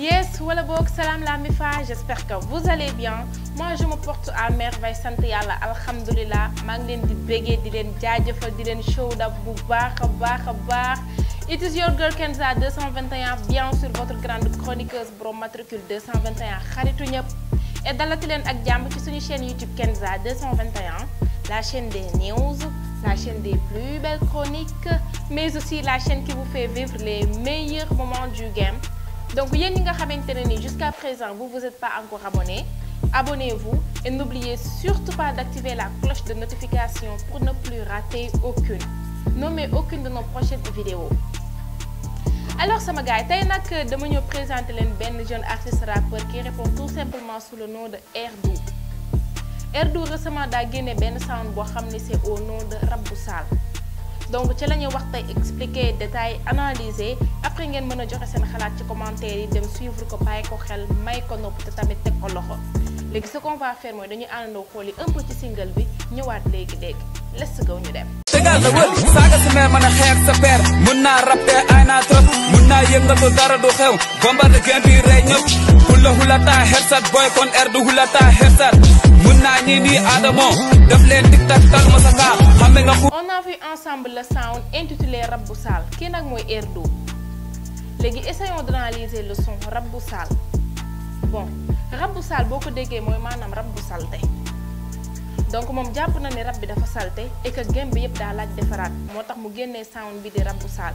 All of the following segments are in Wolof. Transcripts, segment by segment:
Yes, wala bok, salam la j'espère que vous allez bien moi je me porte à merveille Santé à la. Alhamdulillah. ngi di béggee di len jaajëfal di len show da bu C'est votre fille it is your girl Kenza 221 bien sur votre grande chroniqueuse borom matricule 221 kharitou ñëpp et la télé, ak jàmm ci suñu chaîne YouTube Kenza 221 la chaîne des news la chaîne des plus belles chroniques mais aussi la chaîne qui vous fait vivre les meilleurs moments du game donc, jusqu'à présent, vous ne vous êtes pas encore abonné, abonnez-vous et n'oubliez surtout pas d'activer la cloche de notification pour ne plus rater aucune. Nommez aucune de nos prochaines vidéos. Alors, sama gars, tay nak dama ñeu présenter une jeune artiste rappeur qui répond tout simplement sous le nom de Erdou. Erdou récemment da une ben sound c'est au nom de Rabou donc ci lañuy wax tey expliquer détail analyser après ngeen mën a joxe seen xalaat ci commentaire yi dem suivre ko bàyyi ko xel may ko nopp te tamit teg ko loxo léegi ce qu'on va faire mooy dañuy àndandoo xool yi un peu ci single bi ñëwaat léegi léegi let's go ñu dem. tegal la wër saaga si mën a xeex sa père mun naa rap ay naa trop yëngatu dara du xew bombard gen bi rey ñëpp hula hulataa hersat boy kon air er du hulataa hersat mun naa ñii nii Adamo def leen tic tac sa kaa xame nga on a vu ensemble le sound intitulé Rabou Sall kii nag mooy air du léegi essayons d'analyser le son Rabou Sall bon Rabou Sall boo ko déggee mooy maanaam rab bu salte donc moom jàpp na ne rab bi dafa salte et que game bi yëpp daa laaj defaraat moo tax mu génnee sound bi di Rabou Sall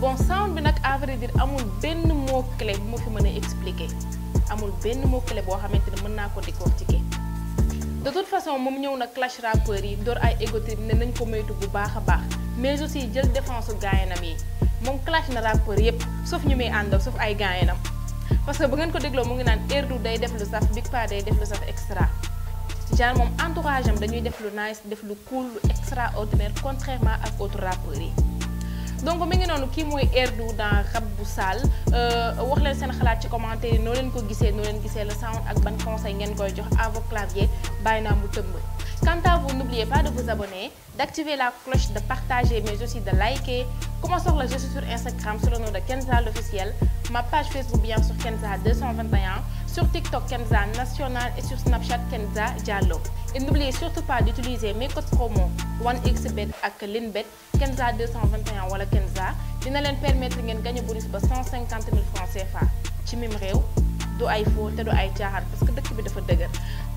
bon sound bi nag à vrai dire amul benn mot clé bu ma fi mën a expliquer amul benn mot clé boo xamante ne mën naa ko décortiquer de toute façon moom ñëw na clash rappeurs yi door ay ego ne nañ ko moytu bu baax a baax mais aussi jël défense gaayanam yi moom clash na rappeurs yépp sauf ñu muy àndal sauf ay gaayanam parce que ba ngeen ko dégloo mu ngi naan Erdu day def lu saf Big Pa day def lu saf extra genre moom entourage am dañuy def lu nice def lu cool lu extraordinaire contrairement ak autre rappeurs yi donc mi ngi noonu kii mooy Erdou dans Rab bu Saal euh, wax leen seen xalaat ci commentaire yi noo leen ko gisee noo leen gisee le sound ak ban conseil ngeen koy jox à vos claviers bàyyi mu Quant à vous, n'oubliez pas de vous abonner, d'activer la cloche, de partager, mais aussi de liker. Comment sur le je suis sur Instagram sous le nom de Kenza l'officiel, ma page Facebook bien sur Kenza 221. Sur TikTok, Kenza National et sur Snapchat, Kenza Diallo. Et n'oubliez surtout pas d'utiliser mes codes promo 1xbet LINBET Kenza 221 ou Kenza permettre gagner bonus de 150 000 francs CFA parce que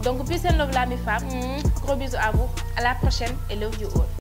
donc love la mi mm, gros bisous à vous à la prochaine et love you all.